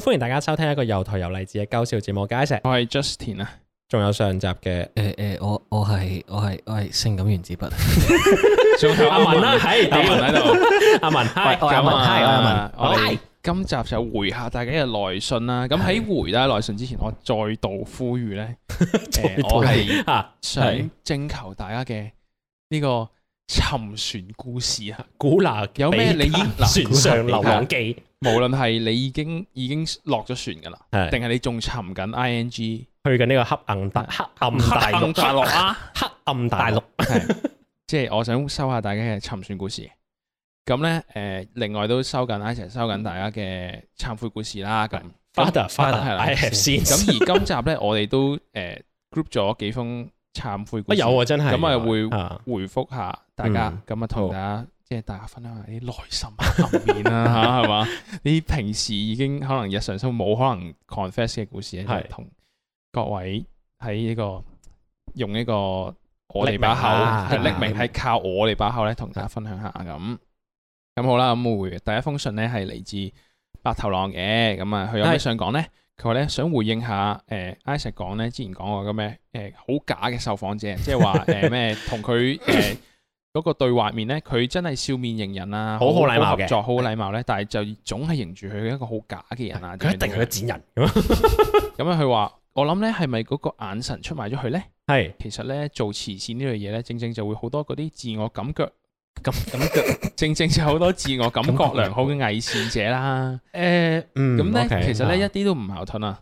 歡迎大家收聽一個又頹又勵志嘅搞笑節目。解石，我係 Justin 啊，仲有上集嘅，誒誒，我我係我係我係性感原子筆，仲有阿文啦，係阿文喺度，阿文，阿文，阿文，我哋今集就回下大家嘅來信啦。咁喺回答來信之前，我再度呼籲咧，我係想徵求大家嘅呢個沉船故事啊，古娜有咩你船上流浪記？無論係你已經已經落咗船噶啦，定係你仲沉緊 ing 去緊呢個黑暗大黑暗大陸啊，黑暗大陸。即係我想收下大家嘅沉船故事。咁咧，誒，另外都收緊，一齊收緊大家嘅懺悔故事啦。咁，Father，Father，係啦，咁而今集咧，我哋都誒 group 咗幾封懺悔故事，有啊，真係咁啊，會回覆下大家，咁啊，同大家。即係大家分享下啲內心啊、面啦吓，係嘛？你平時已經可能日常中冇可能 confess 嘅故事咧、啊，係同是各位喺呢個用呢個我哋把口，匿名係靠我哋把口咧，同大家分享下咁。咁好啦，咁我回第一封信咧，係嚟自白頭狼嘅。咁啊，佢有咩想講咧？佢話咧想回應下誒，I 石講咧之前講話嘅咩誒，好、呃、假嘅受訪者，即係話誒咩同佢誒。呃 嗰個對話面咧，佢真係笑面迎人啊，好好禮貌嘅，作好禮貌咧。但係就總係迎住佢一個好假嘅人啊。佢一定係個剪人咁樣。佢話我諗咧，係咪嗰個眼神出賣咗佢咧？係。其實咧，做慈善呢樣嘢咧，正正就會好多嗰啲自我感覺咁咁嘅。正正就好多自我感覺良好嘅偽善者啦。誒，咁咧，其實咧一啲都唔矛盾啊。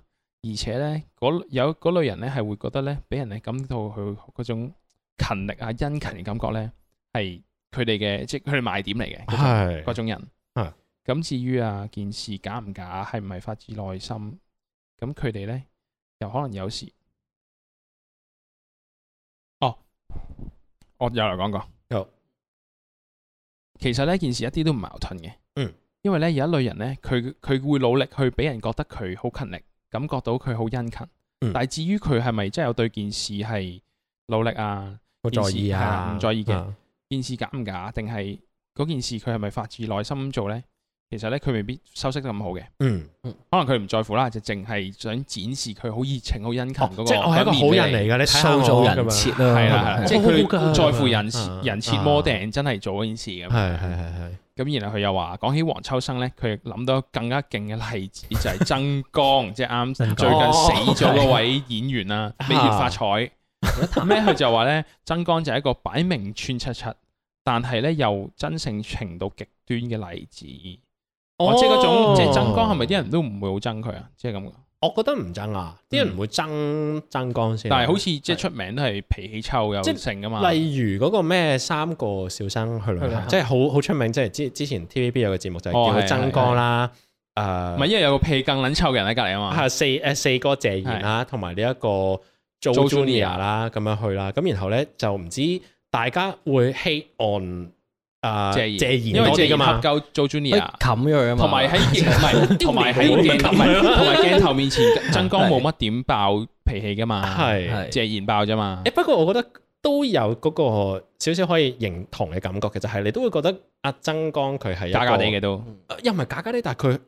而且咧，嗰有嗰類人咧係會覺得咧，俾人哋感到佢嗰種勤力啊、殷勤嘅感覺咧。係佢哋嘅，即係佢哋賣點嚟嘅，係嗰是種人。係咁、啊，至於啊件事假唔假，係唔係發自內心？咁佢哋咧，又可能有時，哦，我有嚟講過。有，其實呢件事一啲都唔矛盾嘅。嗯，因為咧有一類人咧，佢佢會努力去俾人覺得佢好勤力，感覺到佢好殷勤。嗯、但係至於佢係咪真係有對件事係努力啊？好在意啊，唔在意嘅。啊件事假唔假，定係嗰件事佢係咪發自內心做咧？其實咧佢未必修飾得咁好嘅，嗯，可能佢唔在乎啦，就淨係想展示佢好熱情、好殷勤嗰個，即係我係一個好人嚟㗎，你收咗人設啦，係啦，即係佢在乎人設、人設 model 真係做一件事咁，係係係係。咁然後佢又話講起黃秋生咧，佢諗到更加勁嘅例子就係曾江，即係啱最近死咗嗰位演員啦，美月發財。咩？佢就話咧，曾江就係一個擺明串七七，但係咧又真性情到極端嘅例子。哦，即係嗰種即係曾江，係咪啲人都唔會好憎佢啊？即係咁。我覺得唔憎啊，啲人唔會憎曾江先。但係好似即係出名都係脾氣臭又即係噶嘛。例如嗰個咩三個小生去旅行，即係好好出名，即係之之前 TVB 有個節目就係叫曾江啦。誒，唔係因為有個屁更撚臭嘅人喺隔籬啊嘛。係四誒四哥謝賢啊，同埋呢一個。做 junior 啦，咁樣去啦，咁然後咧就唔知大家會 hate on 啊，謝賢，因為謝嘛，夠做 junior，冚咗佢啊嘛，同埋喺鏡頭，同埋喺同埋鏡頭面前，曾江冇乜點爆脾氣噶嘛，係謝賢爆啫嘛，誒不過我覺得都有嗰個少少可以認同嘅感覺，其實係你都會覺得阿曾江佢係假假地嘅都，又唔係假假地，但係佢。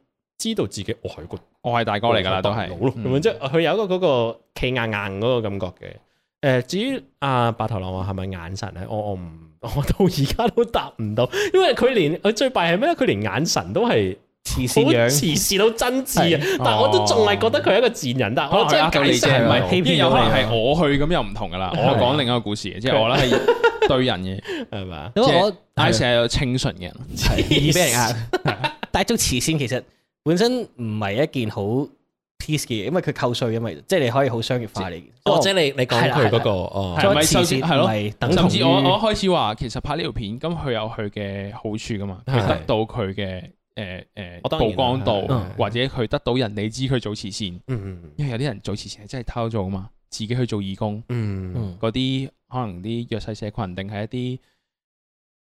知道自己外國我係大哥嚟㗎啦，都係咁即係佢有一個企硬硬嗰個感覺嘅。誒，至於阿白頭狼話係咪眼神咧，我我唔我到而家都答唔到，因為佢連佢最弊係咩？佢連眼神都係慈善樣，慈善到真摯，但係我都仲係覺得佢係一個賤人但得。我即係，咁你即係唔係欺騙？又係係我去咁又唔同㗎啦。我講另一個故事，即係我咧係對人嘅係咪？因為我阿成係有清純嘅人，俾人蝦。但係做慈善其實，本身唔係一件好 picky 嘅，因為佢扣稅，因為即係你可以好商業化嚟嘅，或者你你講佢嗰個哦，慈善係咯，甚至我我開始話其實拍呢條片，咁佢有佢嘅好處噶嘛，佢得到佢嘅誒誒曝光度，或者佢得到人哋知佢做慈善，因為有啲人做慈善係真係偷做啊嘛，自己去做義工，嗰啲可能啲弱勢社群定係一啲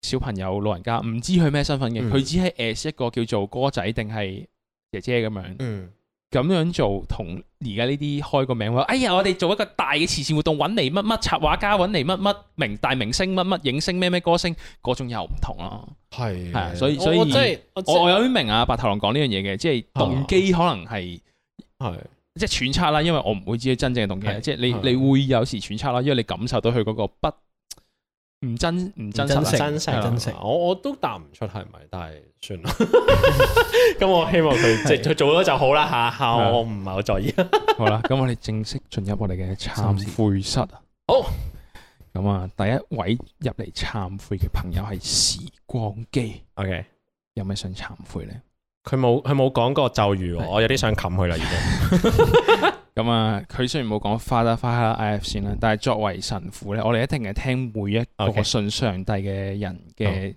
小朋友、老人家唔知佢咩身份嘅，佢只係 as 一個叫做哥仔定係。姐姐咁樣，嗯，咁樣做同而家呢啲開個名話，哎呀，我哋做一個大嘅慈善活動，揾嚟乜乜插畫家什麼什麼，揾嚟乜乜明大明星什麼什麼，乜乜影星，咩咩歌星，嗰種又唔同咯，啊，係係所以所以，我我有啲明啊，白頭狼講呢樣嘢嘅，即係動機可能係係即係揣測啦，因為我唔會知佢真正嘅動機，即係你你會有時揣測啦，因為你感受到佢嗰個不。唔真唔真實，真實 真實，我我都答唔出係咪，但係算啦。咁 我希望佢即係佢做咗就好啦嚇， 我唔係好在意。 好啦，咁我哋正式進入我哋嘅懺悔室啊。好，咁啊，第一位入嚟懺悔嘅朋友係時光機。OK，有咩想懺悔咧？佢冇佢冇講過咒語，我有啲想冚佢啦已經。咁啊，佢雖然冇講花啦花啦 if 先啦，但係作為神父咧，我哋一定係聽每一個信上帝嘅人嘅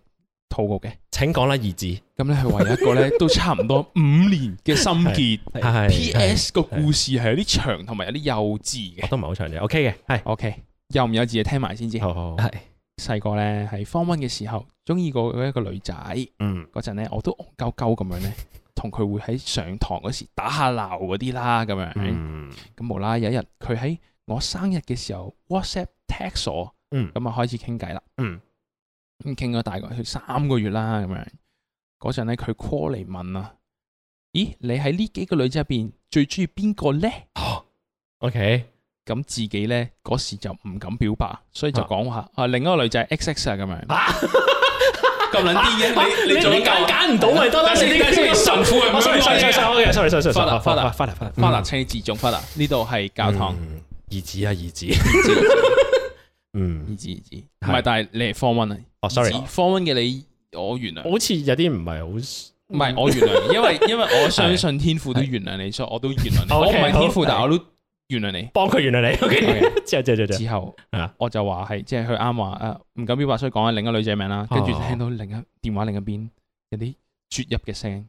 禱告嘅。請講啦，兒子。咁咧係為一個咧都差唔多五年嘅心結。P.S. 個故事係有啲長同埋有啲幼稚嘅，都唔係好長啫。O.K. 嘅，係 O.K. 幼唔幼稚，啊？聽埋先知。好好，係細個咧，係方 o 嘅時候，中意個一個女仔，嗯，嗰陣咧我都憨鳩鳩咁樣咧。同佢會喺上堂嗰時打下鬧嗰啲啦，咁、嗯、樣，咁無啦，有一日佢喺我生日嘅時候 WhatsApp text 我，咁啊、嗯、開始傾偈啦，咁傾咗大概去三個月啦，咁樣，嗰陣咧佢 call 嚟問啊，咦，你喺呢幾個女仔入邊最中意邊個咧？OK，咁自己咧嗰時就唔敢表白，所以就講下：啊「啊另一個女仔 X X 啊咁樣。啊 咁撚啲嘢，你你仲要揀唔到咪多啦？神父嘅，sorry sorry sorry，好嘅，sorry sorry sorry，翻嚟翻嚟翻嚟翻嚟，請自重，翻嚟呢度係教堂，兒子啊兒子，嗯兒子兒子，唔係但係你係 four one 啊，哦 sorry four one 嘅你，我原諒，好似有啲唔係好，唔係我原諒，因為因為我相信天父都原諒你錯，我都原諒，我唔係天父但係我都。原諒你，幫佢原諒你。之後之後，我就話係即係佢啱話誒唔敢表白，所以講下另一女仔名啦。跟住就聽到另一電話另一邊有啲啜泣嘅聲，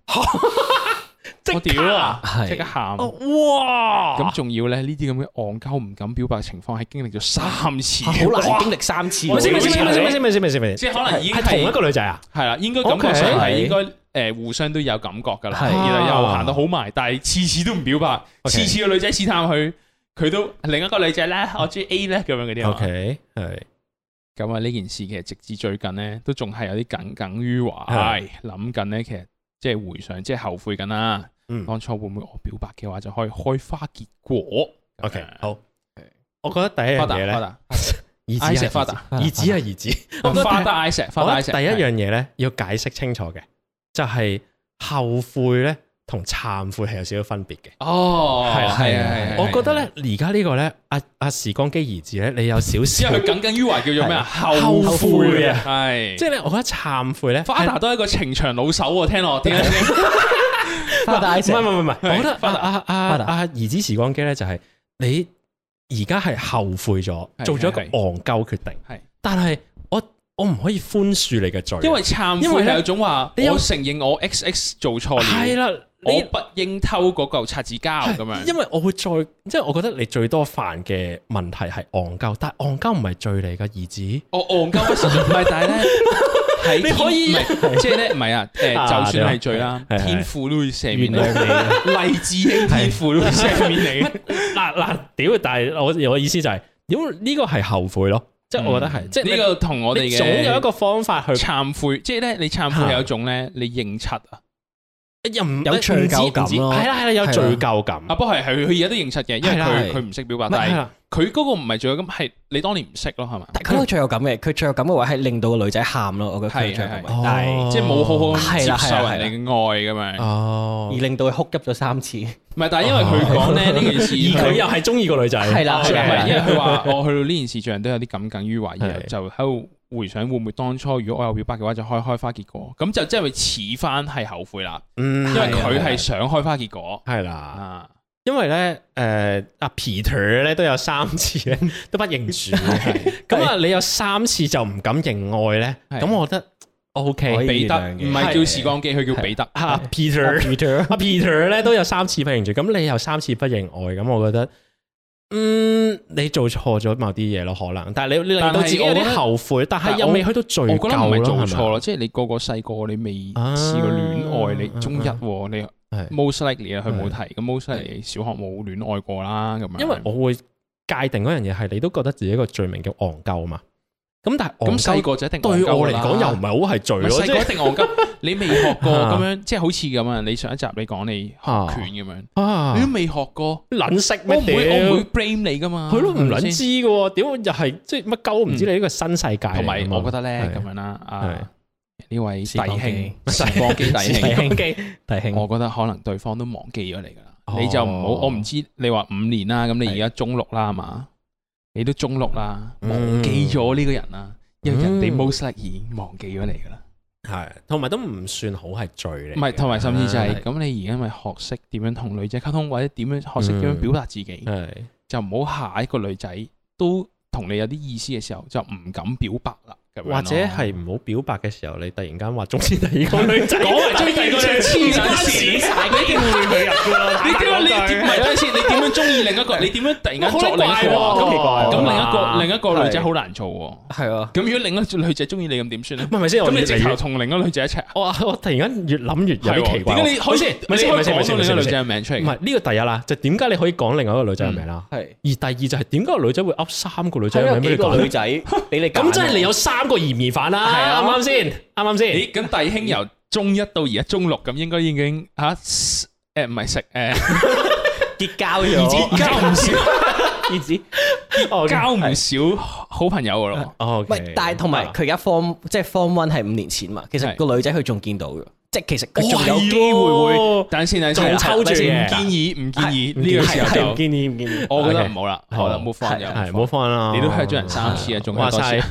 即屌啊！即刻喊哇！咁仲要咧？呢啲咁嘅戇鳩唔敢表白嘅情況，係經歷咗三次，好難經歷三次。即係可能已經係同一個女仔啊？係啦，應該咁嘅，係應該誒，互相都有感覺噶啦，而又行到好埋，但係次次都唔表白，次次個女仔試探佢。佢都另一個女仔咧，我中意 A 咧咁樣嗰啲喎。O K，係。咁啊，呢件事其實直至最近咧，都仲係有啲耿耿於懷，諗緊咧，其實即係回想，即係後悔緊啦。嗯。當初會唔會我表白嘅話就可以開花結果？O Okay , K，的好。我覺得第一樣嘢咧，兒子係父子，兒子係兒子。我覺得發達，第一樣嘢咧要解釋清楚嘅， 就係後悔咧。同懺悔係有少少分別嘅。哦，係啊，係啊，我覺得咧，而家呢個咧，阿阿時光機兒子咧,你有少少，即係佢耿耿於懷叫做咩啊？後悔啊，係，即係咧，我覺得懺悔咧，Father 都係一個情場老手啊，聽我點解先？Father 唔係唔唔係，我覺得阿阿阿兒子時光機咧，就係你而家係後悔咗，做咗一個戇鳩決定，係，但係我我唔可以寬恕你嘅罪，因為懺因為係有種話，你有承認我 X X 做錯嘢？係啦。你不應偷嗰嚿擦紙膠咁樣，因為我會再即係，我覺得你最多犯嘅問題係戇鳩，但係戇鳩唔係罪嚟嘅兒子，我戇鳩嘅成，唔係，但係咧，你可以即係咧唔係啊？誒，就算係罪啦，天父都會赦免你，勵志鷹天父都會赦免你。嗱嗱，屌！但係我我意思就係如果呢個係後悔咯，即係我覺得係，即係呢個同我哋嘅，總有一個方法去懺悔，即係咧你懺悔有一種咧，你認錯啊。又唔有罪疚感咯，係啦係啦，有罪疚感。啊，不過係佢而家都認出嘅，因為佢佢唔識表白，但係佢嗰個唔係最有感，係你當年唔識咯，係嘛？但係佢嗰個最有感嘅，佢最有感嘅位係令到個女仔喊咯，我覺得最有感嘅位，但係即係冇好好接受人哋嘅愛咁樣，而令到佢哭泣咗三次。唔係，但係因為佢講咧呢件事，而佢又係中意個女仔，係啦，因為佢話我去到呢件事上都有啲耿耿於懷，然後就好。回想會唔會當初如果我有表白嘅話就開開花結果咁就真係會似翻係後悔啦，因為佢係想開花結果。係啦，因為咧誒阿 Peter 咧都有三次咧都不認主。咁啊你有三次就唔敢認愛咧，咁我覺得 OK 彼得唔係叫時光機，佢叫彼得 Peter Peter Peter 咧都有三次不認主。咁你有三次不認愛，咁我覺得。嗯，你做錯咗某啲嘢咯，可能，但係你你令到自己有啲後悔，但係又未去到罪疚咯，係做錯咯，即係你個個細個你未試過戀愛，你中一你 most likely 啊，佢冇提，咁 most likely 小學冇戀愛過啦，咁樣。因為我會界定嗰樣嘢係，你都覺得自己一個罪名叫戇鳩嘛？咁但係咁細個就一定對我嚟講又唔係好係罪咯，即係一定戇鳩。你未學過咁樣，即係好似咁啊！你上一集你講你學拳咁樣，你都未學過，捻識咩？我唔會，我唔會 blame 你噶嘛。佢都唔捻知噶，點又係即係乜鳩？唔知你呢個新世界。同埋，我覺得咧咁樣啦，啊呢位弟兄，時光機弟兄，弟兄，我覺得可能對方都忘記咗你噶啦。你就唔好，我唔知你話五年啦，咁你而家中六啦嘛，你都中六啦，忘記咗呢個人啦，因為人哋 mostly 已經忘記咗你噶啦。係，同埋都唔算好係罪嚟。唔係，同埋甚至就係、是、咁，的你而家咪學識點樣同女仔溝通，或者點樣學識點樣表達自己，嗯、就唔好下一個女仔都同你有啲意思嘅時候，就唔敢表白啦。或者係唔好表白嘅時候，你突然間話中意第二個女仔，講係中意第二個女仔，黐線，你一定會佢㗎啦。你點樣？唔係睇下先，你點樣中意另一個？你點樣突然間做另一個？咁奇怪，咁另一個另一個女仔好難做喎。係啊，咁如果另一個女仔中意你，咁點算？唔咪先，咁你即係同另一個女仔一齊？我我突然間越諗越有啲奇怪。點解你可以先？咪先可以講出呢個女仔嘅名出嚟？唔係呢個第一啦，就點解你可以講另外一個女仔嘅名啦？係。而第二就係點解個女仔會噏三個女仔名俾你講？咁即係你有三個嫌疑犯啦，啱啱先？啱啱先？咦？咁弟兄由中一到而家中六，咁應該已經吓誒，唔係食誒結交咗，結交唔少，結交唔少好朋友噶咯。哦，唔係，但係同埋佢而家 form 即係 form one 係五年前嘛，其實個女仔佢仲見到嘅，即係其實佢仲有機會會。但係先，但係先，但係先唔建議，唔建議呢個時候就建議唔建議。我覺得唔好啦，好啦，唔好翻又唔好翻啦。你都吓咗人三次啊，仲係。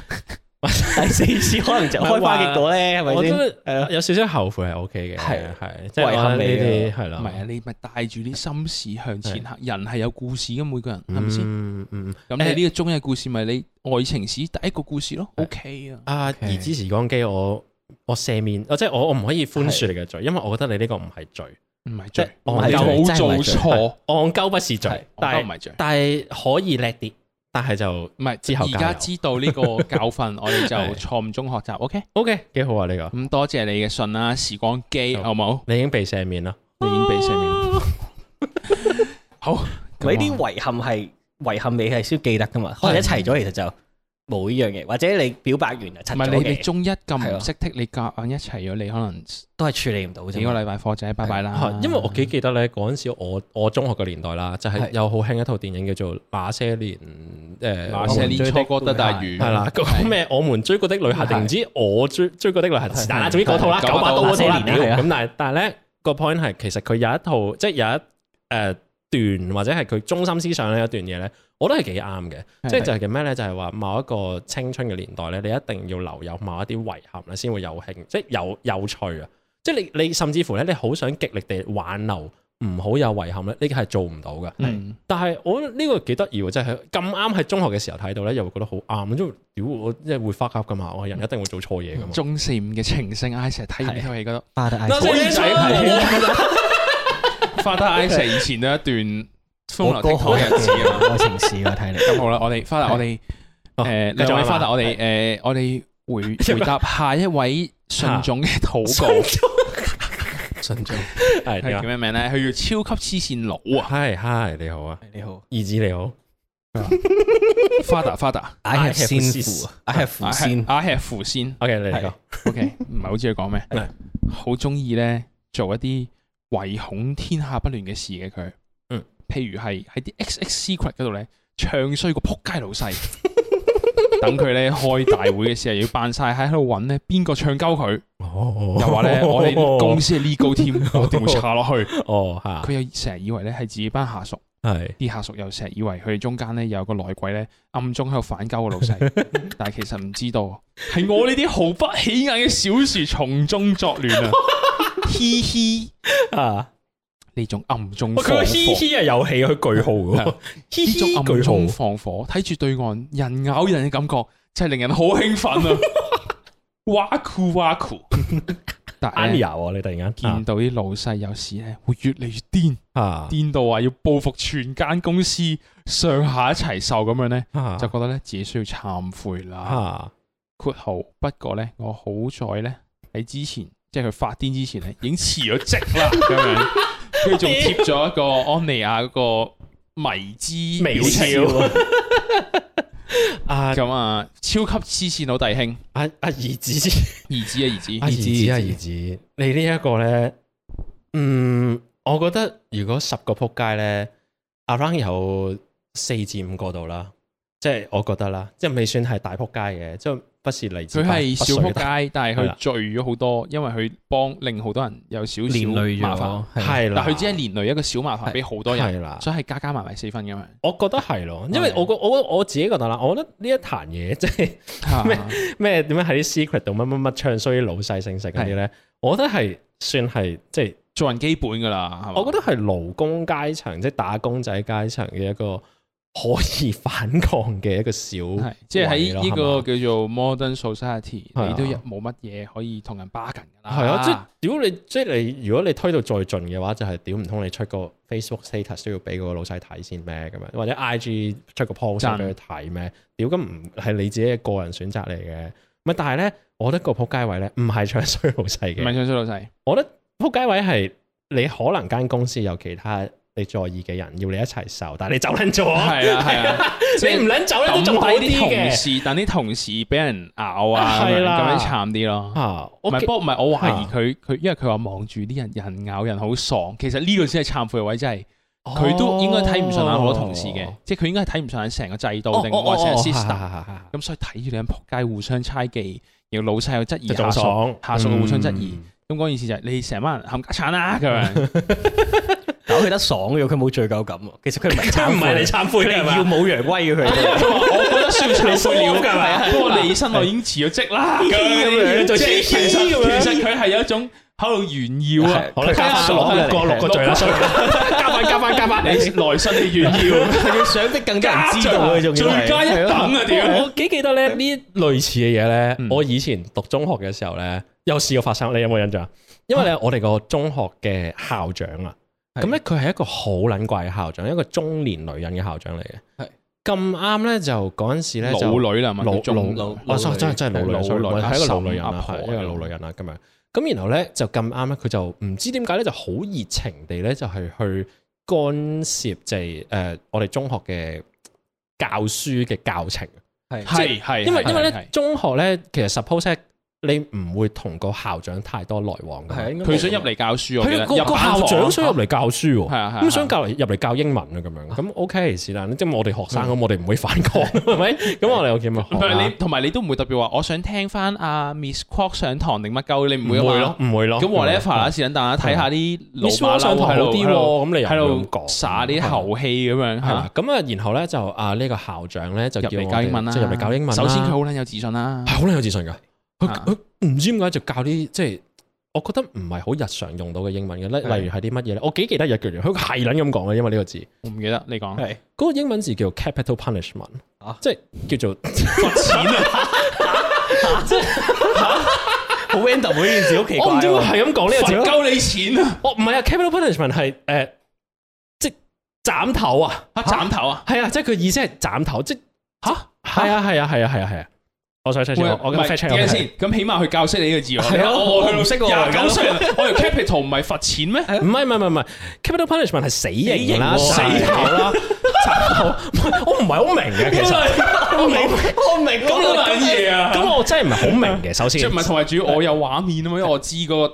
第四次可能就開花結果咧，係咪先？誒，有少少後悔係 O K 嘅，係係遺憾呢啲係啦。唔係啊，你咪帶住啲心事向前行。人係有故事嘅，每個人係咪先？嗯嗯嗯。咁你呢個中一嘅故事咪你愛情史第一個故事咯？O K 啊。啊，言之遲，講機我我赦免，即係我我唔可以寬恕你嘅罪，因為我覺得你呢個唔係罪，唔係即係又冇做錯，戇鳩不是罪，戇鳩唔係罪，但係可以叻啲。但係就唔係之後而家知道呢個教訓， 我哋就錯誤中學習。 OK，OK，Okay? Okay. 幾好啊呢，那個。咁多謝你嘅信啦，啊，時光機好唔好？好吧你已經被赦免啦，你已經被赦免。好，咁啲遺憾係遺憾，你係需記得噶嘛？可能 一齊咗，其實就。 冇一樣嘢，或者你表白完啊，唔係你哋中一咁唔識剔，你夾硬一齊咗，你可能都係處理唔到。幾個禮拜課就係拜拜啦。因為我幾記得咧，嗰陣時我我中學嘅年代啦，就係有好興一套電影叫做《那些年》誒，《那些年》追過的女孩係啦，咩？我們追過的女孩定唔知我追追過的女孩？但係總之嗰套啦，九把刀嗰套啦。咁但係但係咧個 point 係，其實佢有一套即係有一誒。段或者係佢中心思想咧一段嘢，咧，我都係幾啱嘅，即係的就係叫咩咧，就係話某一個青春嘅年代咧，你一定要留有某一啲遺憾咧，先會有興，即係有有趣啊！即係你你甚至乎咧，你好想極力地挽留，唔好的、這個、有遺憾咧，呢個係做唔到嘅。但係我呢個幾得意，即係咁啱喺中學嘅時候睇到咧，又會覺得好啱。因為屌、呃、我即係會 fuck up 噶嘛，我人一定會做錯嘢噶嘛。中四五嘅情聖，I 成睇完套戲覺得，嗱的，所以 Father I have sin，以前嘅一段風流的愛城市。我睇你咁好啦，我哋 Father 我哋誒，你仲要 Father 我哋誒，我哋回回答下一位信眾嘅禱告。信眾係叫咩名咧？佢叫超級黐線佬。Hi Hi 你好啊，你好二子你好。Father Father，I have sin I have sin，I have sin。O K 你嚟講，O K 唔係好知佢講咩，好中意咧做一啲。唯恐天下不亂嘅事嘅佢，嗯，譬如係喺啲 X X Secret 嗰度咧，唱衰個撲街老細， 等佢咧開大會嘅時候要扮晒喺喺度揾咧邊個唱鳩佢，又話咧我哋公司係呢高添，我調查落去，哦，佢又成日、哦哦、以為咧係自己班下屬，係啲下屬又成日以為佢哋是中間咧有個內鬼咧暗中喺度反鳩個老細， 但係其實唔知道係我呢啲毫不起眼嘅小事從中作亂啊！ 嘻嘻啊！呢種暗中放火，嘻嘻係遊戲佢句號，呢種暗中放火，睇住對岸人咬人嘅感覺，真係令人好興奮啊！哇酷哇酷！但係你突然間見到啲老細有時咧，會越嚟越癲啊！癲到話要報復全間公司上下一齊受咁樣咧，就覺得咧自己需要懺悔啦。括號不過咧，我好在咧喺之前。即係佢發癲之前咧，已經辭咗職啦，咁樣，跟住仲貼咗一個安妮亞嗰個迷之微笑啊，咁啊，超級黐線老弟兄，阿阿兒子，兒子啊兒子，兒子啊兒子，兒子啊兒子，你呢一個咧，嗯，我覺得如果十個撲街咧，around 有四至五個度啦，即係我覺得啦，即係未算係大撲街嘅，即係。不是例佢係小撲街，但係佢聚咗好多，因為佢幫令好多人有少少麻煩，係啦。但係佢只係連累一個小麻煩俾好多人，係啦。所以係加加埋埋四分㗎嘛。我覺得係咯，因為我個我我自己覺得啦，我覺得呢一壇嘢即係咩咩點樣喺啲 secret 度乜乜乜唱衰啲老細姓食嗰啲咧，我覺得係算係即係做人基本㗎啦，係嘛。我覺得係勞工階層，即係打工仔階層嘅一個。可以反抗嘅一個小位，即係喺呢個叫做 modern society，吧你都冇乜嘢可以同人巴緊噶啦。係啊，啊即係如果你即係你，如果你推到再盡嘅話，就係屌唔通你出個 Facebook status 都要俾嗰個老細睇先咩？咁樣或者 IG 出個 post 俾佢睇咩？屌咁唔係你自己嘅個人選擇嚟嘅。咪但係咧，我覺得個仆街位咧，唔係唱衰老細嘅，唔係唱衰老細。我覺得仆街位係你可能間公司有其他。你在意嘅人要你一齊受，但係你走捻咗，係啊係啊，你唔捻走咧都仲好啲同事，但啲同事俾人咬啊，咁樣慘啲咯。唔係，不過唔係，我懷疑佢佢，因為佢話望住啲人人咬人好爽，其實呢個先係懺悔位，真係佢都應該睇唔上眼好多同事嘅，即係佢應該睇唔上眼成個制度定或者 system 咁，所以睇住你哋仆街互相猜忌，又老細又質疑下屬，下屬互相質疑。咁嗰件事就係你成班人冚家鏟啊咁樣。佢得爽嘅，佢冇罪疚感。其實佢唔係，唔係你懺悔，你要冇揚威嘅佢。我覺得算錯料㗎嘛。我離身我已經辭咗職啦。咁樣做。其實佢係有一種喺度炫耀啊。好啦，加翻落個罪啦，加翻加翻加翻。你內心嘅炫耀係要想得更加人知道嘅，仲要。罪加一等啊！點啊？我幾記得咧呢類似嘅嘢咧。我以前讀中學嘅時候咧，有試過發生，你有冇印象？因為咧，我哋個中學嘅校長啊。咁咧，佢係一個好撚怪嘅校長，一個中年女人嘅校長嚟嘅。係咁啱咧，就嗰陣時咧就老女啦，老老老，真係真係老女，所係一個老女人啊，一個老女人啊咁樣。咁然後咧就咁啱咧，佢就唔知點解咧就好熱情地咧就係去干涉就係誒我哋中學嘅教書嘅教程。係係係，因為因為咧中學咧其實 suppose。你唔會同個校長太多來往㗎，佢想入嚟教書啊！佢個校長想入嚟教書喎，咁想教嚟入嚟教英文啊，咁樣咁 OK，是但啦。即係我哋學生咁，我哋唔會反抗，係咪？咁我哋又點啊？係你，同埋你都唔會特別話，我想聽翻阿 Miss Croc 上堂定乜鳩？你唔會啊？唔會咯。咁我呢一排啦，是撚大家睇下啲 Miss 上堂好啲咯。咁你又會咁講耍啲猴戲咁樣咁啊，然後咧就啊呢個校長咧就叫我即係入嚟教英文，首先佢好撚有自信啦，係好撚有自信㗎。佢佢唔知點解就教啲即係，我覺得唔係好日常用到嘅英文嘅，例例如係啲乜嘢咧？我幾記得一句嘢，佢係咁咁講嘅，因為呢個字，我唔記得，你講係嗰個英文字叫做 capital punishment 啊，即係叫做罰錢啊，即係好 random 呢件事，好奇怪，我唔知佢係咁講呢個字，罰夠你錢啊！我唔係啊，capital punishment 係誒，即係斬頭啊，斬頭啊，係啊，即係佢意思係斬頭，即係吓，係啊，係啊，係啊，係啊，係啊。我再 check 下，我咁快 check 下先。咁起碼佢教識你呢個字。係啊，我都唔識喎。廿九歲，我哋 capital 唔係罰錢咩？唔係唔係唔係，capital punishment 係死刑啦，死頭啦。我唔係好明嘅，其實。我明，我明。咁難嘢啊！咁我真係唔係好明嘅。首先，即唔係同埋主要我有畫面啊嘛，因為我知個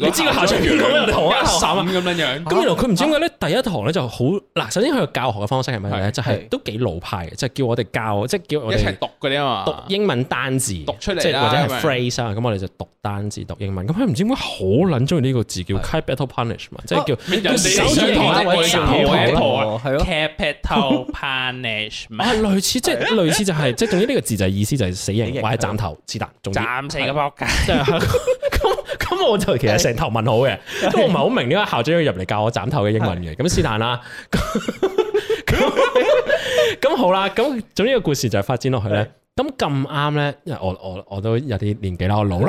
你知個夏俊如講一審咁樣樣。咁原來佢唔知點解咧？第一堂咧就好嗱。首先佢嘅教學嘅方式係咩咧？就係都幾老派嘅，就叫我哋教，即係叫我哋一齊讀嘅啫嘛。讀英文。單字讀出嚟，即係或者係 phrase 啊。咁我哋就讀單字讀英文。咁佢唔知點解好撚中意呢個字叫 capital punishment，即係叫死人頭啊，斬頭啦。Capital punishment 啊，類似即係類似就係即係總之呢個字就係意思就係死刑或者斬頭。斯坦，斬死個仆街。咁咁我就其實成頭問好嘅，因為我唔係好明呢個校長要入嚟教我斬頭嘅英文嘅。咁斯坦啦，咁好啦，咁總之個故事就係發展落去咧。咁咁啱咧，因為我我我都有啲年紀啦，我老啦。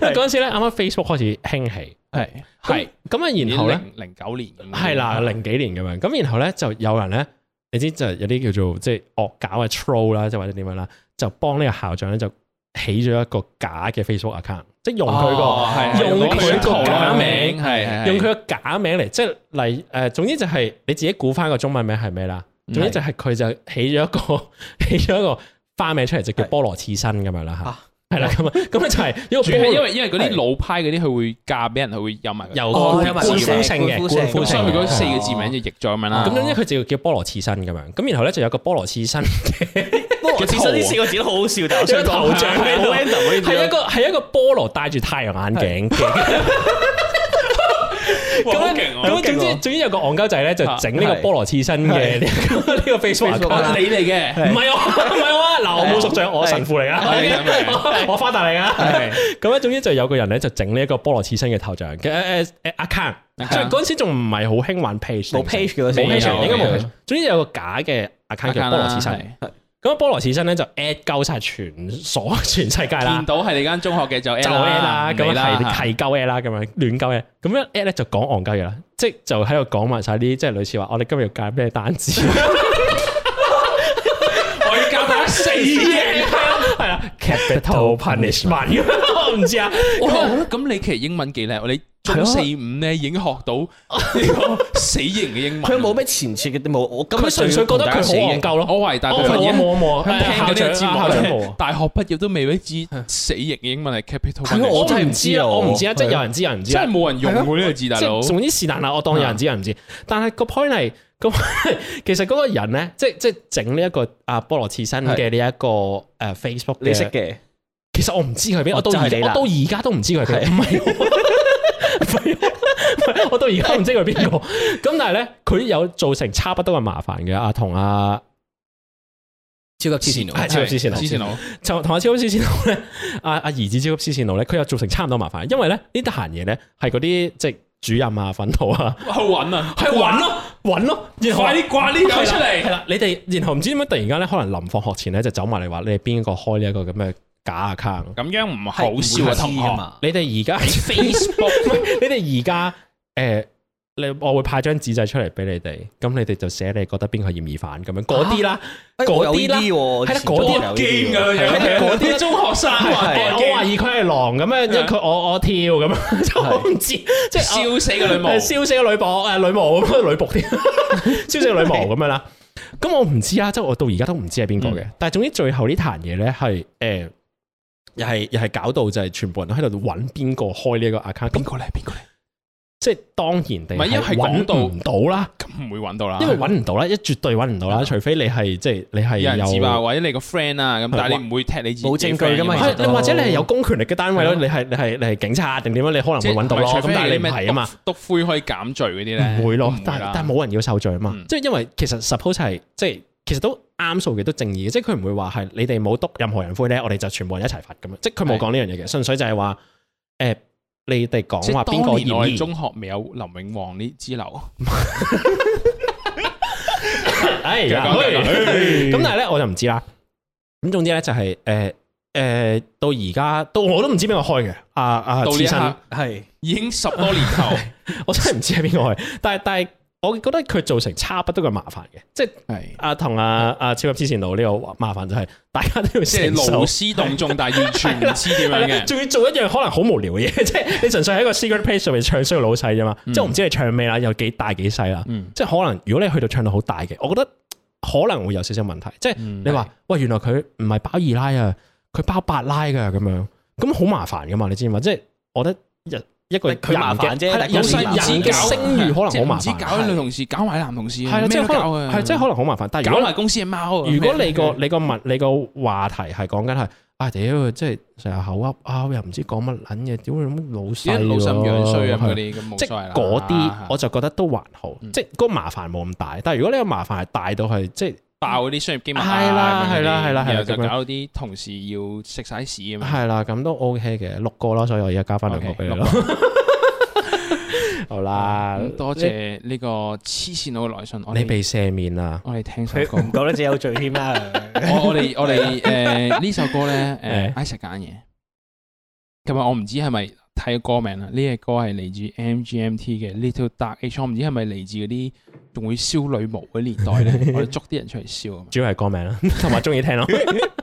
嗰 陣時咧，啱啱 Facebook 開始興起，係係咁啊，然後咧零九年，係啦零幾年咁樣。咁然後咧就有人咧，你知就有啲叫做即係、就是、惡搞嘅 troll 啦，即係或者點樣啦，就幫呢個校長咧就起咗一個假嘅 Facebook account，即係用佢個、哦、用佢個假名，係用佢個假名嚟，即係嚟誒。總之就係、是、你自己估返個中文名係咩啦。總之就係佢就起咗一個起咗一個。花名出嚟就叫菠蘿刺身咁樣啦吓，係啦，咁啊咁啊就係，因為因為因為嗰啲老派嗰啲佢會嫁俾人，佢會有埋入個姓嘅，入埋四個字名就譯咗咁樣啦。咁樣咧佢就要叫菠蘿刺身咁樣。咁然後咧就有個菠蘿刺身，菠蘿刺身呢四個字都好好笑，頭像嘅，係一個係一個菠蘿戴住太陽眼鏡嘅。咁樣咁樣總之總之有個憨鳩仔咧，就整呢個菠蘿刺身嘅呢個 Facebook account 你嚟嘅，唔係我，唔係我啊！嗱，我冇熟長，我神父嚟噶，我發達嚟噶。咁樣總之就有個人咧，就整呢一個菠蘿刺身嘅頭像嘅誒誒 account 所以嗰陣時仲唔係好興玩 page，冇 page 嘅嗰陣時，應該冇。總之有個假嘅 account 叫菠蘿刺身。咁菠羅刺身咧就 at 鳩晒全所全世界啦，見到係你間中學嘅就 at 啦，咁了樣提提鳩 at 啦，咁樣亂鳩 at。咁樣 at 咧就講戇鳩嘢啦，即係就喺度講埋晒啲即係類似話，我哋今日要夾咩單字，我要夾死你係啊，capital punishment。 唔知啊！咁你其實英文幾叻？你中四五咧，已經學到死刑嘅英文。佢冇咩前設嘅，冇我咁純粹覺得佢好研究咯。我話，但係我望一望，聽嘅長，大學畢業都未必知死刑英文係 capital。我真係唔知啊，我唔知啊，即係有人知，有人唔知啊。即係冇人用過呢個字，大佬。即係總之是但啦，我當有人知，有人唔知。但係個 point 係咁，其實嗰個人咧，即係即係整呢一個阿菠蘿刺身嘅呢一個誒 Facebook。你識嘅。其實我唔知佢係邊，我到而到而家都唔知佢係邊。唔係，我到而家都唔知佢係邊個。咁但係咧，佢有造成差不多嘅麻煩嘅。阿同阿超級黐線佬，超級黐線佬，線佬同阿超級黐線佬咧，阿阿兒子超級黐線佬咧，佢又造成差唔多麻煩。因為咧呢啲閒嘢咧係嗰啲即係主任啊、訓導啊，去揾啊，去揾咯，揾咯，然後快啲掛呢樣出嚟。係啦，你哋然後唔知點解突然間咧，可能臨放學前咧就走埋嚟話你哋邊一個開呢一個咁嘅。假 account 咁樣唔係好笑啊嘛。你哋而家喺 Facebook，你哋而家誒，你我會派張紙仔出嚟俾你哋，咁你哋就寫你覺得邊個嫌疑犯咁樣嗰啲啦，嗰啲啦，係啦嗰啲咁樣樣，嗰啲中學生啊，我懷疑佢係狼咁樣，因佢我我跳咁，我唔知，即係燒死個女巫，燒死個女巫，誒女巫，乜女僕添，燒死個女巫咁樣啦，咁我唔知啊，即係我到而家都唔知係邊個嘅，但係總之最後呢壇嘢咧係誒。又係又係搞到就係全部人都喺度揾邊個開呢一個 account，邊個嚟邊個嚟？即係當然定唔係因為揾到唔到啦，咁唔會揾到啦，因為揾唔到啦，一絕對揾唔到啦，除非你係即係你係有人啊，或者你個 friend 啊咁，但係你唔會踢你自己冇證據噶嘛，係或者你係有公權力嘅單位咯，你係你係你係警察定點樣，你可能會揾到咯。咁但係你唔係啊嘛，督灰可以減罪嗰啲咧，唔會咯。但但係冇人要受罪啊嘛，即係因為其實 suppose 係即係其實都。啱數嘅都正義即係佢唔會話係你哋冇篤任何人灰咧，我哋就全部人一齊罰咁樣，即係佢冇講呢樣嘢嘅，純的粹就係話，誒、呃，你哋講話邊個？當年中學未有林永旺呢支流，哎，咁 但係咧我就唔知啦。咁總之咧就係、是，誒、呃、誒、呃，到而家，到我都唔知邊個開嘅，啊啊，杜生係已經十多年後， 我真係唔知係邊個開，但係但係。我覺得佢造成差不多嘅麻煩嘅，即係阿同阿阿超級黐線佬呢、呢個麻煩就係大家都要承受，即係勞師動眾，但係的完全唔知點樣嘅，仲要做一樣可能好無聊嘅嘢， 即係你純粹喺一個 secret place 上面唱衰老細啫嘛，嗯、即係我唔知你唱咩啦，有幾大幾細啦，嗯、即係可能如果你去到唱到好大嘅，我覺得可能會有少少問題，即係你話喂，原來佢唔係包二奶啊，佢包八奶噶咁樣，咁好麻煩噶嘛，你知嘛？即、就、係、是、我覺得一。一個人嘅，係啦，要親自嘅聲譽，可能好麻煩，搞啲女同事，搞埋男同事，係即係係即係可能好麻煩。但係搞埋公司嘅貓，如果你個你個問你個話題係講緊係，啊屌，即係成日口噏啊，又唔知講乜撚嘢，屌你老細咯，老濕樣衰啊，佢哋咁，即係嗰啲，我就覺得都還好，即係嗰個麻煩冇咁大。但係如果你個麻煩係大到係，即係。爆嗰啲商業機密係啦，係啦，係啦，係啦，就搞到啲同事要食晒屎咁。係啦，咁都 OK 嘅，六個啦，所以我而家加翻兩個俾你咯。好啦，多謝呢個黐線佬嘅來信。我哋你被赦免啦！我哋聽首歌，覺得自己有罪添啦。我哋我哋誒呢首歌咧誒，我成日揀嘢，今日我唔知係咪，睇個歌名啦，呢隻歌係嚟自 MGMT 嘅 Little Dark Age， 我唔知係咪嚟自嗰啲仲會燒女巫嗰年代咧， 我哋捉啲人出嚟燒。 主要係歌名啦，同埋中意聽咯。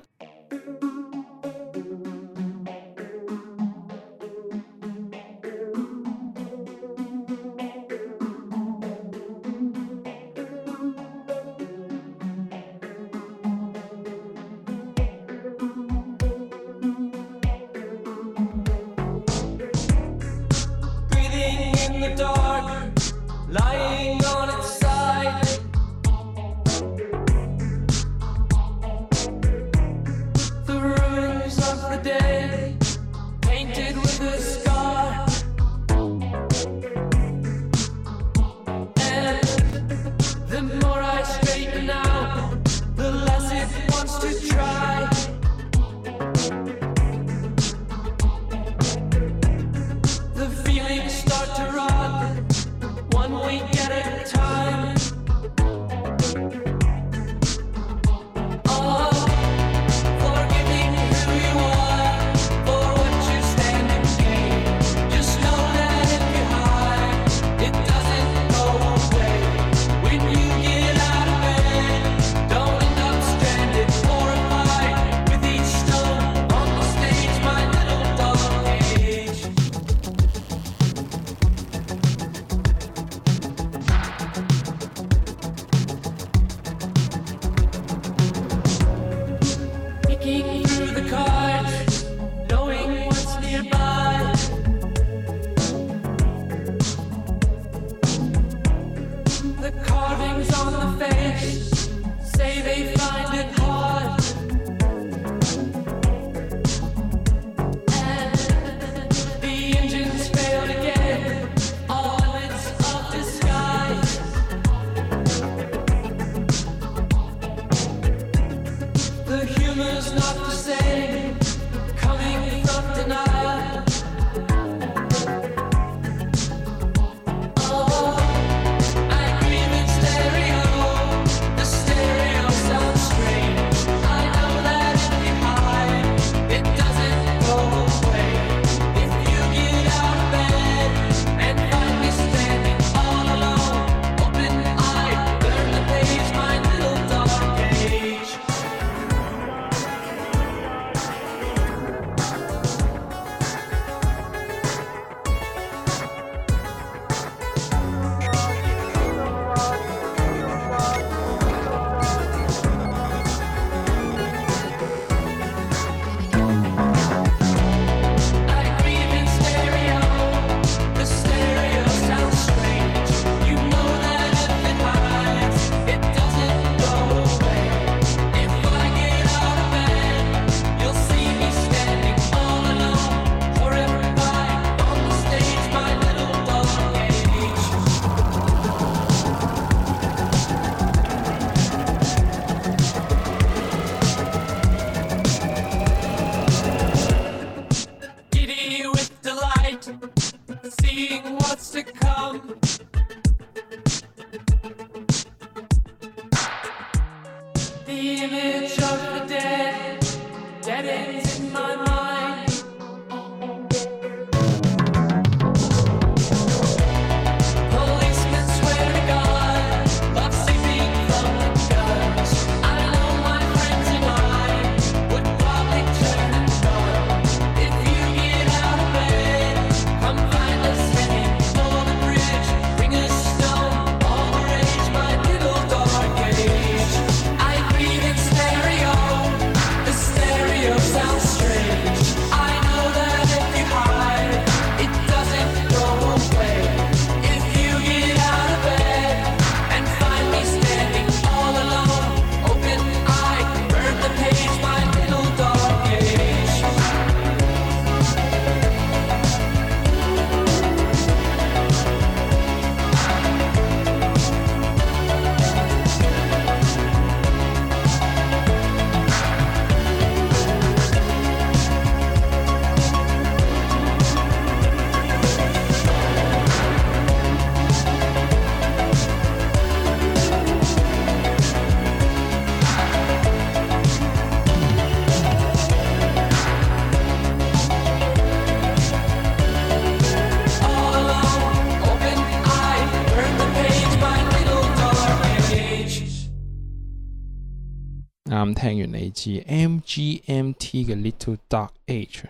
聽完嚟自 MGMT 嘅 Little Dark Age，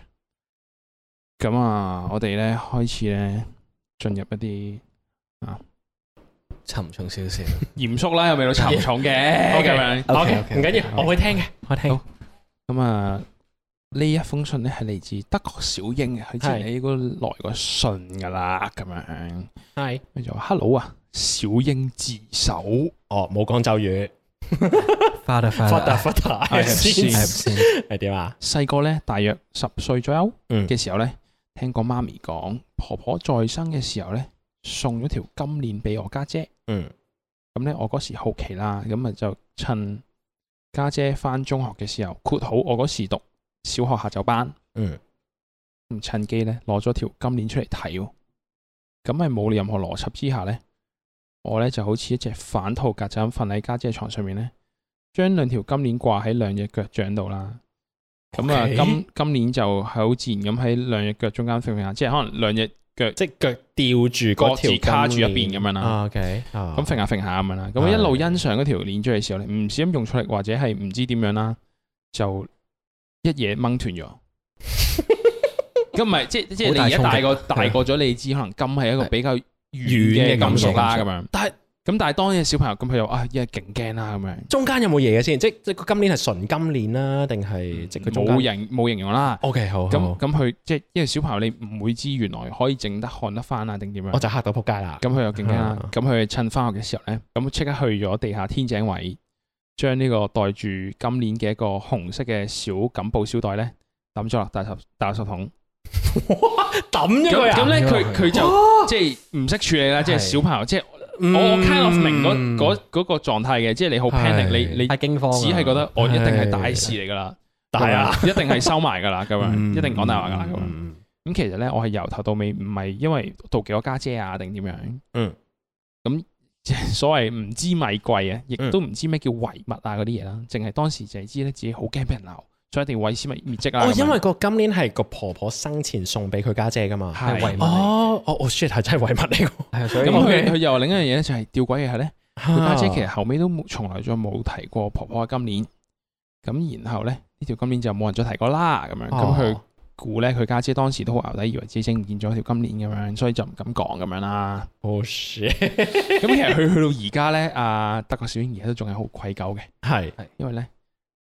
咁啊，我哋咧開始咧進入一啲啊沉重少少，嚴肅啦，有未到沉重嘅？O K，唔緊要，我會聽嘅，我聽。咁啊，呢一封信咧係嚟自德國小英，嘅。佢前幾日應該來個信噶啦，咁樣係，跟住話 Hello 啊，小英自首，哦，冇講咒語。係先點啊？細個咧大約十歲左右嘅時候咧，聽個媽咪講，婆婆在生嘅時候咧送咗條金鏈俾我家姐。嗯，咁咧我嗰時好奇啦，咁啊就趁家姐返中學嘅時候括號，我嗰時讀小學下晝班。嗯，咁趁機咧攞咗條金鏈出嚟睇，咁喺冇任何邏輯之下咧，我咧就好似一隻反肚曱甴咁瞓喺家姐床上面咧。將兩條金鏈掛喺兩隻腳掌度啦，咁啊，金金鏈就係好自然咁喺兩隻腳中間揈下，即係可能兩隻腳即係腳吊住，各自卡住一邊咁樣啦。OK，咁揈下揈下咁樣啦，咁一路欣賞嗰條鏈出嚟嘅時候咧，唔小心用出嚟，或者係唔知點樣啦，就一嘢掹斷咗。咁唔係即係即係你而家大個大個咗，你知可能金係一個比較軟嘅金屬啦咁樣，但係。咁但係當然小朋友咁佢又啊一係勁驚啦咁樣，中間有冇嘢嘅先？即即佢今年係純金鏈啦，定係整佢冇形冇形容啦。O、okay, K 好，咁咁佢即因為小朋友你唔會知原來可以整得看得翻啊，定點樣？我就嚇到扑街啦！咁佢又勁驚啦，咁佢的趁翻學嘅時候咧，咁即刻去咗地下天井位，將呢個袋住金鏈嘅一個紅色嘅小錦布小袋咧抌咗落大圾大垃圾桶。抌咗佢啊！咁咧佢佢就即唔識處理啦，即 小朋友即。就是我我、mm hmm. oh, kind of 明嗰嗰嗰個狀態嘅，mm hmm. 即係你好 panic 你你太驚慌，只係覺得我一定係大事嚟噶啦，但係啊，一定係收埋噶啦咁樣，一定講大話噶啦咁。咁、mm hmm. 其實咧，我係由頭到尾唔係因為妒忌我家姐啊定點樣，嗯、mm。咁即係所謂唔知米貴啊，亦都唔知咩叫遺物啊嗰啲嘢啦，淨係當時淨係知咧自己好驚俾人鬧。所以一定要毀屍滅迹啊！因為個今年係個婆婆生前送俾佢家姐噶嘛，係遺物哦，哦，我、oh、shit 係真係遺物嚟個，咁佢佢又另一樣嘢咧，就係吊詭嘅係咧，佢家姐其實後尾都從來再冇提過婆婆嘅今年。咁然後咧呢條今年就冇人再提過啦，咁樣咁佢估咧，佢家姐當時都好淆底，以為自己整唔見咗條今年咁樣，所以就唔敢講咁樣啦。哦、oh、shit！咁 其實佢去到而家咧，阿、啊、德國小英而家都仲係好愧疚嘅，係係是因為咧。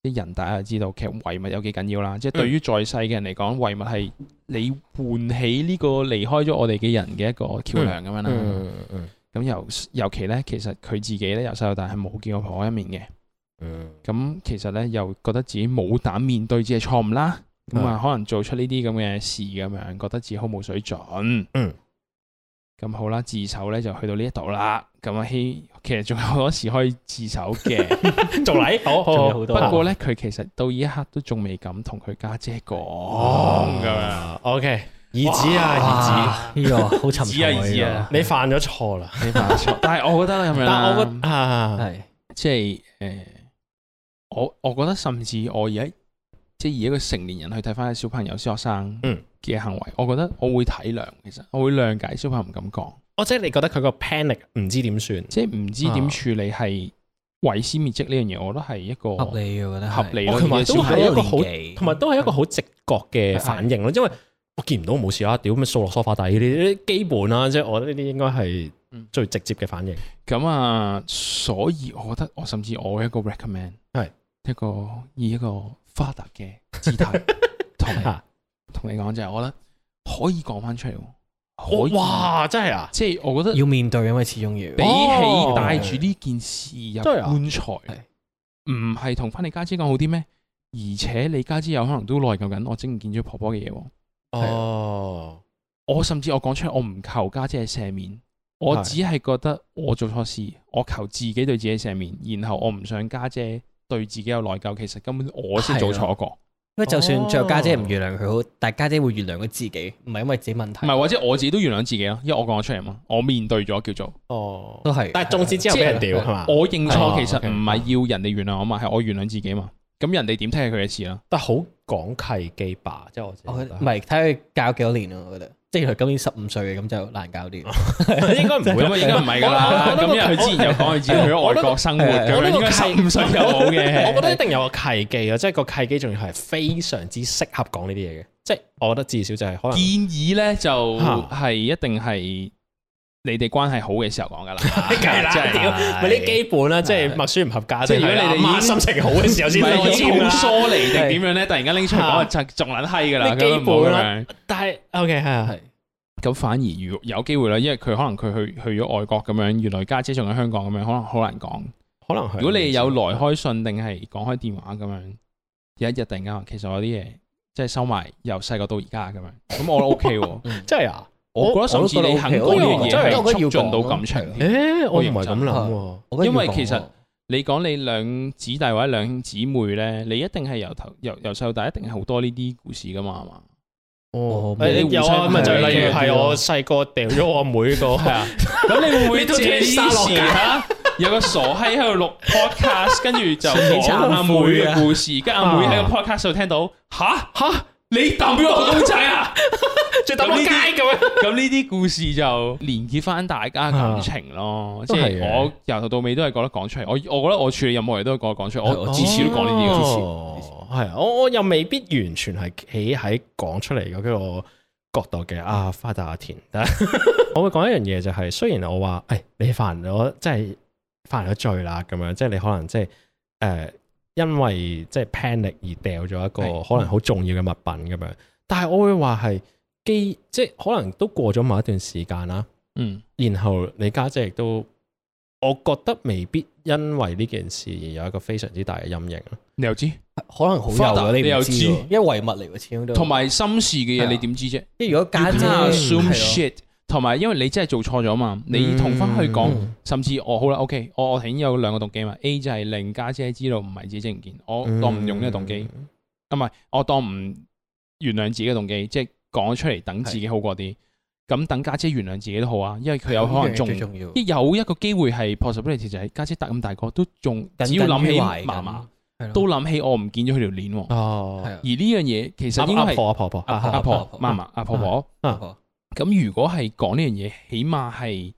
啲人大家知道，其實遺物有幾緊要啦。即係對於在世嘅人嚟講，嗯、遺物係你喚起呢個離開咗我哋嘅人嘅一個橋梁咁樣啦。咁、嗯嗯嗯、由尤其呢，其實佢自己咧由細到大係冇見過婆婆一面嘅。咁、嗯、其實呢，又覺得自己冇膽面對自己嘅錯誤啦。咁啊、嗯，可能做出呢啲咁嘅事咁樣，覺得自己好冇水準。嗯嗯咁好啦，自首咧就去到呢一度啦。咁啊希，其實仲有好多時可以自首嘅，做嚟，好好。不過咧，佢其實到呢一刻都仲未敢同佢家姐講咁樣。OK，兒子啊，兒子，呢個好沉鬱啊，兒子啊，你犯咗錯啦，你犯咗錯。但係我覺得咁樣，但我覺得，係即係誒，我我覺得甚至我而家。即係以一個成年人去睇翻小朋友、小學生嘅行為，我覺得我會體諒，其實我會諒解小朋友唔敢講。哦，即係你覺得佢個 panic 唔知點算，即係唔知點處理係毀屍滅跡呢樣嘢，我都係一個合理，我覺得合理。同埋都係一個好，同埋都係一個好直覺嘅反應咯。因為我見唔到冇事啦，屌咪掃落梳化底呢啲基本啦，即係我覺得呢啲應該係最直接嘅反應。咁啊，所以我覺得我甚至我一個 recommend 係一個以一個。Father 嘅姿態，同同 你講、啊、就係，我覺得可以講翻出嚟。可以？哇，真係啊！即係我覺得要面對，因為始終要、哦、比起帶住呢件事入棺材，唔係同翻你家姐講好啲咩？而且你家姐，姐有可能都內疚緊，我整唔見咗婆婆嘅嘢。哦、啊，我甚至我講出嚟，我唔求家姐係赦免，我只係覺得我做錯事，我求自己對自己赦免，然後我唔想家姐，姐。對自己有內疚，其實根本我先做錯過、啊。因為就算著家姐唔原諒佢好，但家、哦、姐,姐會原諒佢自己，唔係因為自己問題。唔係，或者我自己都原諒自己咯，因為我講我出嚟嘛，我面對咗叫做。哦，都係。但係縱使之後俾人屌係嘛？啊啊啊、我認錯其實唔係要人哋原諒我嘛，係我原諒自己嘛。咁、啊 okay，人哋點聽佢嘅事啦？但好講契機吧，即係我唔係睇佢教幾多年啊？我覺得。即係今年十五歲嘅，咁就難搞啲， 應該唔會，因為應該唔係㗎喇。咁因為佢之前又講佢自己去咗外國生活嘅，佢應該十五歲有好嘅。 我覺得一定有一個契機啊，即係 個契機仲要係非常之適合講呢啲嘢嘅。即係 我覺得至少就係可能建議咧，就係一定係。你哋關係好嘅時候講噶啦，梗係啦，屌，呢啲基本啦，即係默書唔合格。即係如果你哋媽心情好嘅時候先，好疏離定點樣咧？突然間拎出嚟講，就仲撚閪噶啦，基本啦。但係，OK 係啊係。咁反而如果有機會咧，因為佢可能佢去去咗外國咁樣，原來家姐仲喺香港咁樣，可能好難講。可能如果你有來開信定係講開電話咁樣，有一日突然間，其實我啲嘢即係收埋由細個到而家咁樣。咁我都 OK 喎，真啊。我覺得甚至你行肯呢樣嘢係促進到感情。誒，我唔係咁諗喎。因為其實你講你兩姊弟或者兩姊妹咧，你一定係由頭由由細到大，一定係好多呢啲故事噶嘛，係嘛？哦，你有啊，咪就係例如係我細個掉咗我阿妹個，係啊。咁你會唔會借啲事啊？有個傻閪喺度錄 podcast，跟住就講阿妹嘅故事。而家阿妹喺個 podcast 度聽到，嚇嚇。你抌俾我公仔啊，即係抌街咁樣。咁呢啲故事就連接翻大家感情咯。即係、啊、我由頭到尾都係覺得講出嚟，我我覺得我處理任何嘢都係覺得講出嚟，我我至少都講呢啲。係我我又未必完全係企喺講出嚟嘅嗰個角度嘅、嗯、啊，花達阿田。 我會講一樣嘢就係、是，雖然我話誒、哎、你犯咗即係犯咗罪啦，咁樣即係你可能即係誒。呃因為即係 panic 而掉咗一個可能好重要嘅物品咁樣，但係我會話係基即係可能都過咗某一段時間啦。嗯，然後你家姐亦都，我覺得未必因為呢件事而有一個非常之大嘅陰影啊。你又知？可能好有啊！你，道你又知，因你知？因為遺物嚟嘅始終都同埋心事嘅嘢，你點知啫？即係如果家姐 assume shit。同埋，因為你真係做錯咗嘛，你同翻去講，甚至我好啦，OK，我我有兩個動機嘛。A 就係令家姐知道唔係自己整唔見，我當唔用呢個動機，唔係我當唔原諒自己嘅動機，即係講出嚟等自己好過啲，咁等家姐原諒自己都好啊。因為佢有可能仲，即有一個機會係 possibility，其實係家姐大咁大個都仲，只要諗起嫲嫲，都諗起我唔見咗佢條鏈。哦，而呢樣嘢其實應該係阿婆阿婆婆阿婆嫲嫲婆婆咁如果係講呢樣嘢，起碼係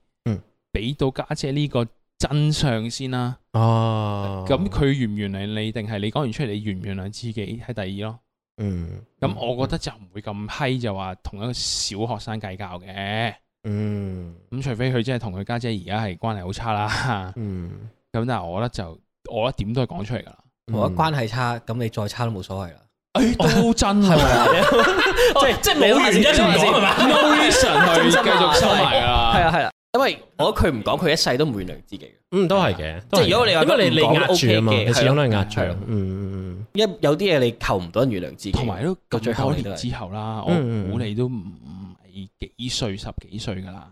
俾到家姐呢個真相先啦。哦、啊，咁佢、嗯、原唔原諒你，定係你講完出嚟，你原唔原諒自己係第二咯。嗯，咁、嗯、我覺得就唔會咁批，就話同一個小學生計較嘅。嗯，咁除非佢真係同佢家姐而家係關係好差啦。嗯，咁 但係我覺得，就，我覺得點都係講出嚟噶啦。如果、嗯、關係差，咁你再差都冇所謂啦。誒，都真係，即係即係冇原因，係嘛？No reason 去繼續收埋啊，係啊係啊，因為我覺得佢唔講，佢一世都唔原諒自己嘅。嗯，都係嘅，即係如果你話如果你你壓住啊嘛，始終都係壓住。嗯嗯嗯，因為有啲嘢你求唔到人原諒自己，同埋都個最後年之後啦，我估你都唔唔係幾歲，十幾歲噶啦。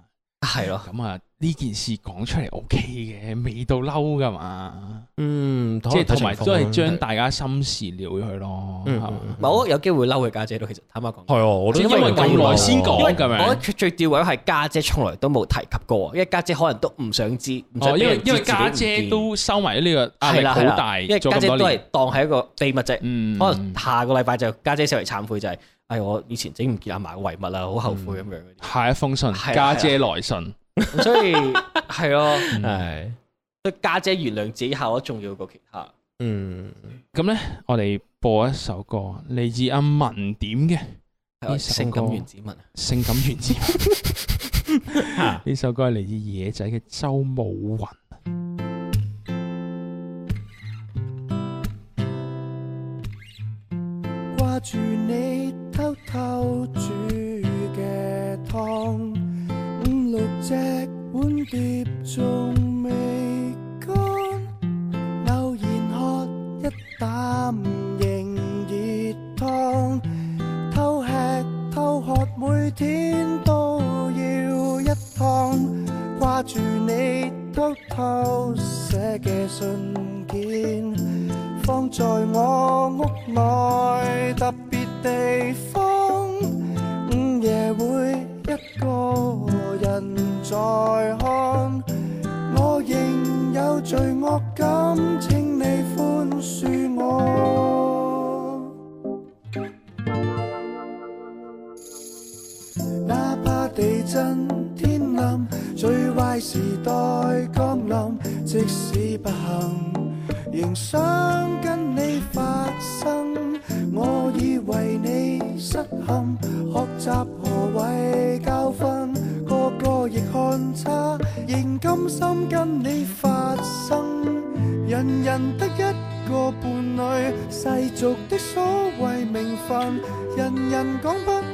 係咯，咁啊呢件事講出嚟 OK 嘅，未到嬲噶嘛，嗯，即係同埋都係將大家心事撩咗去咯，嗯，冇吧、嗯嗯、有機會嬲佢家姐都其實坦白講，係哦，我都因為咁耐先講，因為我覺得最吊位係家姐從來都冇提及過，嗯、因為家姐，姐可能都唔想知，哦，因為因為家姐都收埋呢個壓力好大，因為家姐都係當係一個秘密啫，就是、可能下個禮拜就家姐成嚟懺悔就係、是。係、哎、我以前整唔見阿媽個遺物啊，好後悔咁樣，嗯。下一封信，家、啊、姐，姐來信，所以係咯，係對家姐原諒自己下，我重要過其他。嗯，咁咧，我哋播一首歌，嚟自阿文點嘅。啊，性感原子文》。性感原子文。呢首歌係嚟自野仔嘅周慕雲。掛住你。偷偷煮嘅湯，五六隻碗碟仲未乾，偶然喝一啖仍熱湯，偷吃偷喝，每天都要一趟，掛住你偷偷寫嘅信件，放在我屋內地方午夜會一個人在看，我仍有罪惡感，請你寬恕我。 哪怕地震天冧、最壞時代降臨，即使不幸，仍想跟你發生。心跟你發生，人人得一個伴侶，世俗的所謂名份，人人講不。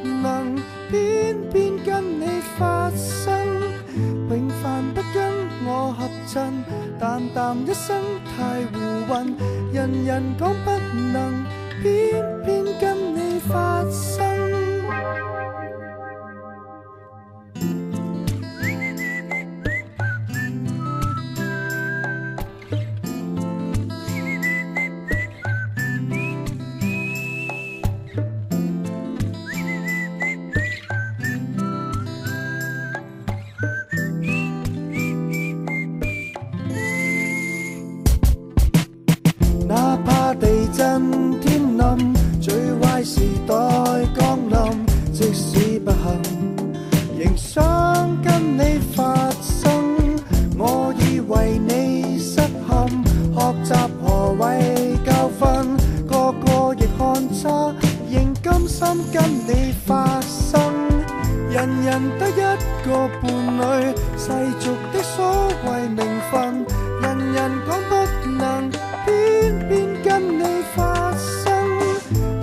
能偏偏跟你發生，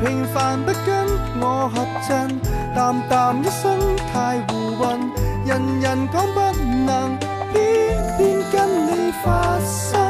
平凡不跟我合襯，淡淡一生太胡混，人人講不能，偏偏跟你發生。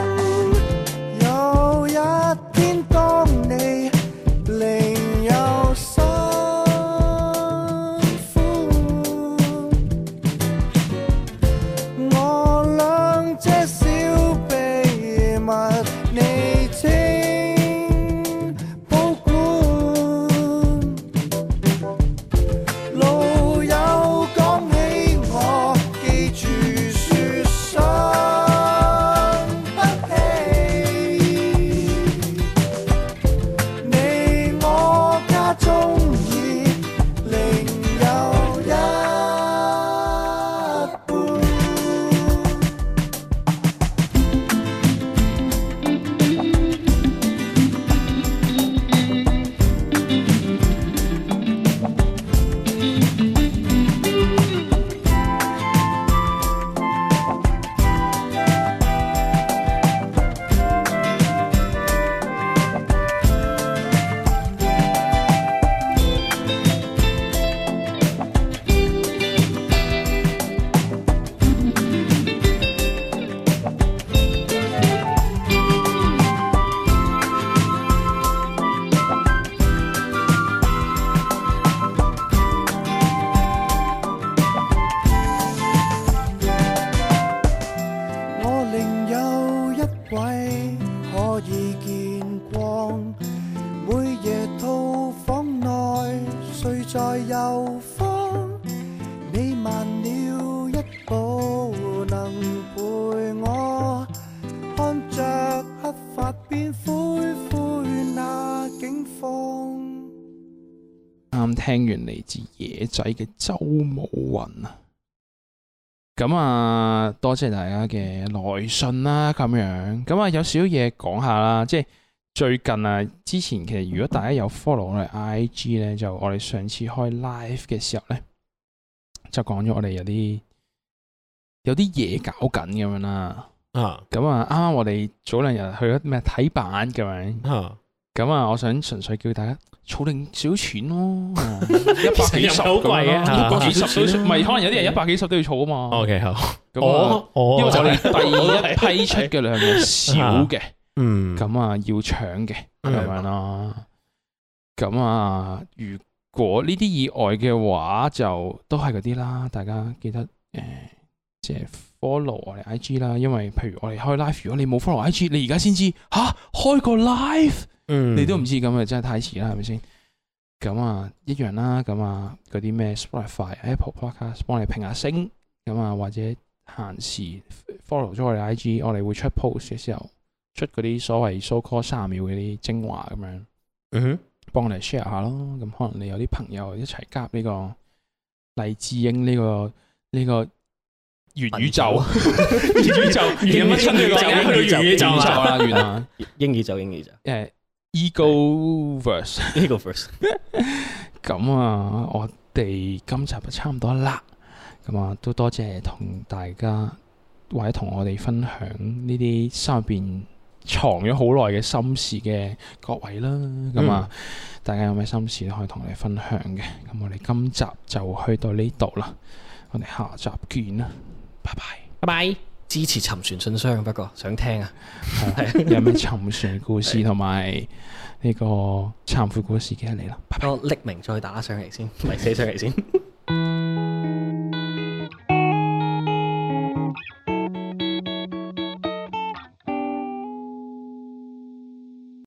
仔嘅周慕雲啊，咁啊多謝大家嘅來信啦、啊，咁樣咁啊有少少嘢講下啦，即係最近啊，之前其實如果大家有 follow 我哋 IG 咧，就我哋上次開 live 嘅時候咧，就講咗我哋有啲有啲嘢搞緊咁樣啦。啊，樣啊，咁啊啱啱我哋早兩日去咗咩睇版，咁樣。咁啊，我想純粹叫大家。儲定少錢咯，一百幾十好貴嘅，一百幾十都算，咪可能有啲人一百幾十都要儲啊嘛。OK 好，咁我，因為就係第一批出嘅量少嘅，嗯，咁啊要搶嘅，咁樣啦。咁啊，如果呢啲以外嘅話，就都係嗰啲啦。大家記得誒，即係 follow 我哋 IG 啦。因為譬如我哋開 live，如果你冇 follow IG，你而家先知吓開個 live。你都唔知咁啊，真係太遲啦，係咪先？咁啊，一樣啦。咁啊，嗰啲咩 Spotify、Apple Podcast，幫你評下星咁啊，或者閒時 follow 咗我哋 IG，我哋會出 post 嘅時候出嗰啲所謂 so call 30秒嗰啲精華咁樣，嗯，幫你 share 下咯。咁可能你有啲朋友一齊夾呢個勵志鷹呢個呢個粵宇宙，宇宙，乜乜春語講英語宇宙啦，完啦，英語就英語就誒。Ego Verse，Ego Verse，咁 啊，我哋今集就差唔多啦，咁啊，都多謝同大家或者同我哋分享呢啲心入邊藏咗好耐嘅心事嘅各位啦，咁啊，嗯、大家有咩心事都可以同我哋分享嘅，咁我哋今集就去到呢度啦，我哋下集見啦，拜拜，拜拜。支持沉船信箱，不過想聽啊， 有咩沉船故事同埋呢個懺悔故事嘅你啦，拜拜，我匿名再打上嚟先，咪 寫上嚟先。